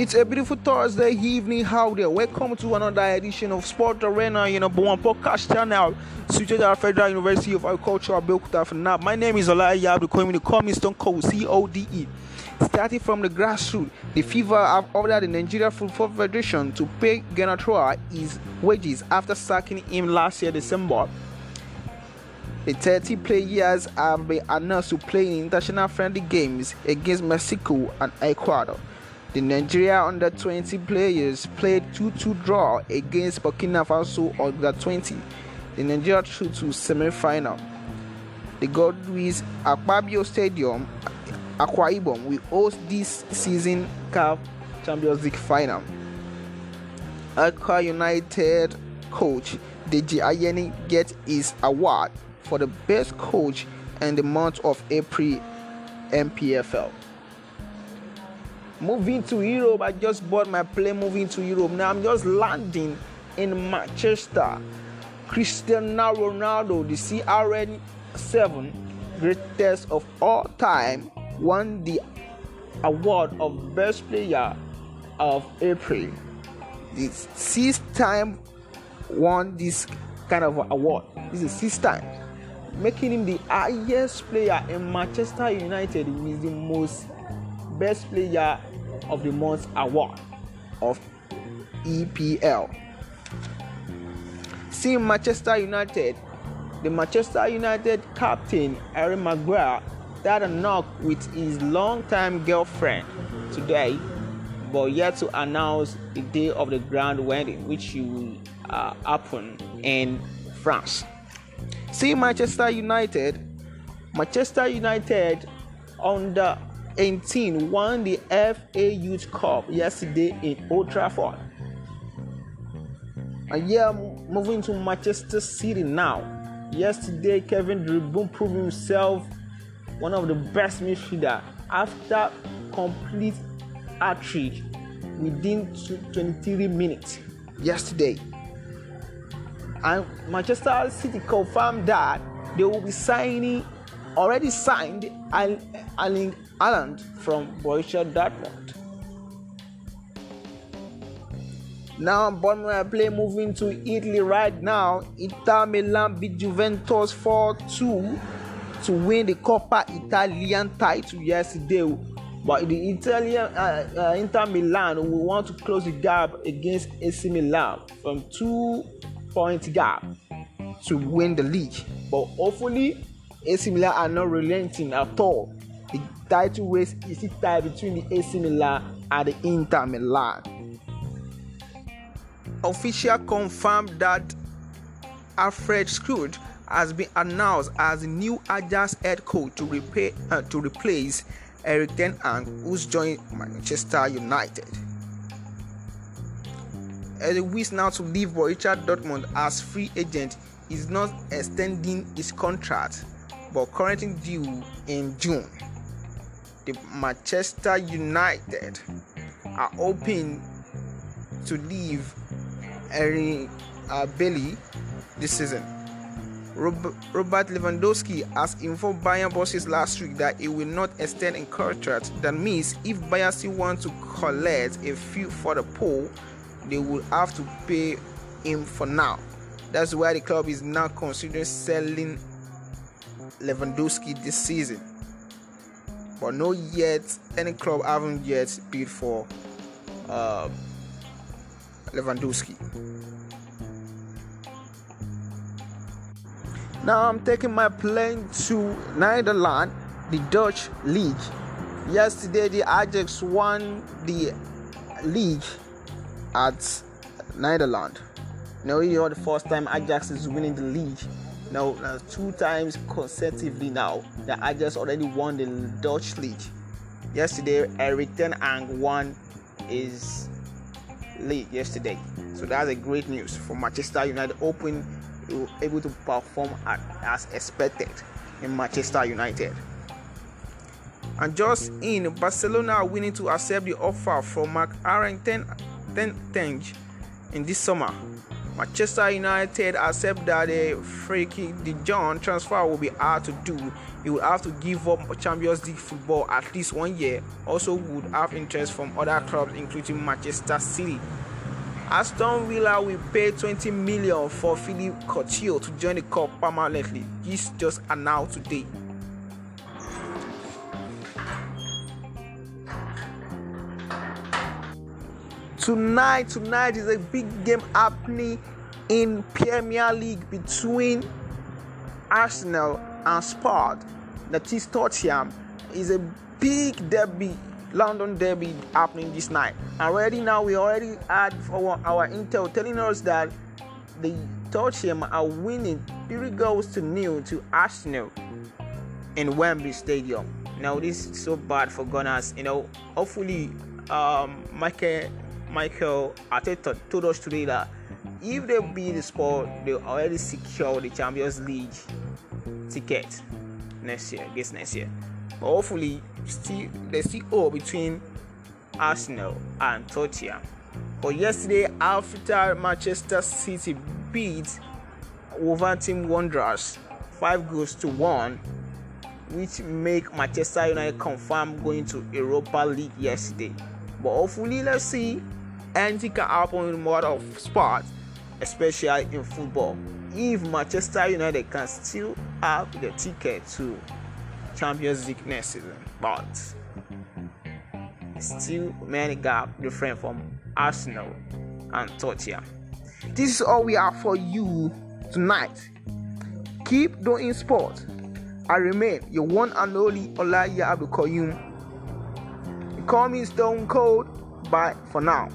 It's a beautiful Thursday evening Howdy! there. Welcome to another edition of Sport Arena, you know, one podcast channel situated at Federal University of Agriculture, Abeokuta for now. My name is Olaya Abdul the coming Stone Cold, C-O-D-E. Starting from the grassroots, the fever have ordered the Nigeria Football Federation to pay Genatroa his wages after sacking him last year, December. The 30 players have been announced to play in international friendly games against Mexico and Ecuador. The Nigeria under 20 players played 2 2 draw against Burkina Faso under 20. The Nigeria through to semi final. The Godwin's Akpabio Stadium, Akwa Ibom, will host this season Cup Champions League final. Akwa United coach Deji Ayeni gets his award for the best coach in the month of April MPFL. Moving to Europe, I just bought my plane moving to Europe. Now I'm just landing in Manchester. Cristiano Ronaldo, the CRN7 greatest of all time, won the award of best player of April. The sixth time won this kind of award. This is sixth time, making him the highest player in Manchester United. He is the most best player of the Month award of EPL. Seeing Manchester United, the Manchester United captain Harry Maguire had a knock with his long-time girlfriend today, but yet to announce the day of the grand wedding, which will uh, happen in France. See Manchester United. Manchester United under 18 won the FA Youth Cup yesterday in Old Trafford. And yeah, moving to Manchester City now. Yesterday, Kevin Dribboon proved himself one of the best midfielder after complete hat trick within 23 minutes yesterday. And Manchester City confirmed that they will be signing, already signed, Erling Haaland from Borussia Dortmund. Now, Bournemouth are playing moving to Italy right now. Inter Milan beat Juventus 4 2 to win the Coppa Italian title yesterday. But the Italian uh, uh, Inter Milan will want to close the gap against AC Milan from two point gap to win the league. But hopefully, AC Milan are not relenting at all. title race is it tied between the AC Milan and the Inter Milan. Official confirmed that Alfred Scrooge has been announced as the new Ajax head coach to, repay, uh, to replace Eric Ten Hag, who's joined Manchester United. Eric wish now to leave Borussia Dortmund as free agent. Is not extending his contract, but currently due in June the Manchester United are hoping to leave Harry uh, Bailey this season. Robert Lewandowski has informed Bayern bosses last week that he will not extend a contract. That means if Bayern still want to collect a few for the pool, they will have to pay him for now. That's why the club is now considering selling Lewandowski this season but not yet any club haven't yet bid for uh, Lewandowski. Now I'm taking my plane to Netherlands, the Dutch league. Yesterday the Ajax won the league at Netherlands. Now you're the first time Ajax is winning the league now, uh, two times consecutively now the Ajax already won the Dutch league. Yesterday, Erik ten Hag won his league yesterday, so that's a great news for Manchester United. Open able to perform at, as expected in Manchester United. And just in, Barcelona are willing to accept the offer from Mark Aaron ten, ten, ten in this summer Manchester United accept that the free kick De Jong transfer will be hard to do. He would have to give up Champions League football at least one year. Also, would have interest from other clubs, including Manchester City. Aston Villa will pay 20 million for Philippe Coutinho to join the club permanently. This just announced today. Tonight, tonight is a big game happening in Premier League between Arsenal and Spurs. That is Tottenham. Is a big derby, London derby happening this night. Already now, we already had our, our intel telling us that the Tottenham are winning three goals to nil to Arsenal in Wembley Stadium. Now this is so bad for Gunners. You know, hopefully, um, Michael Michael Arteta told us today that if they beat the they already secure the Champions League ticket next year, Guess next year. But hopefully, still the still between Arsenal and Tottenham. But yesterday, after Manchester City beat Wolverhampton Wanderers five goals to one, which make Manchester United confirm going to Europa League yesterday. But hopefully, let's see anything can happen in a world of sport, especially in football. If Manchester United can still have the ticket to Champions League next season, but still many gap different from Arsenal and Tottenham. This is all we have for you tonight. Keep doing sport. I remain your one and only Olaya Abukoyum. Call me Stone Cold. Bye for now.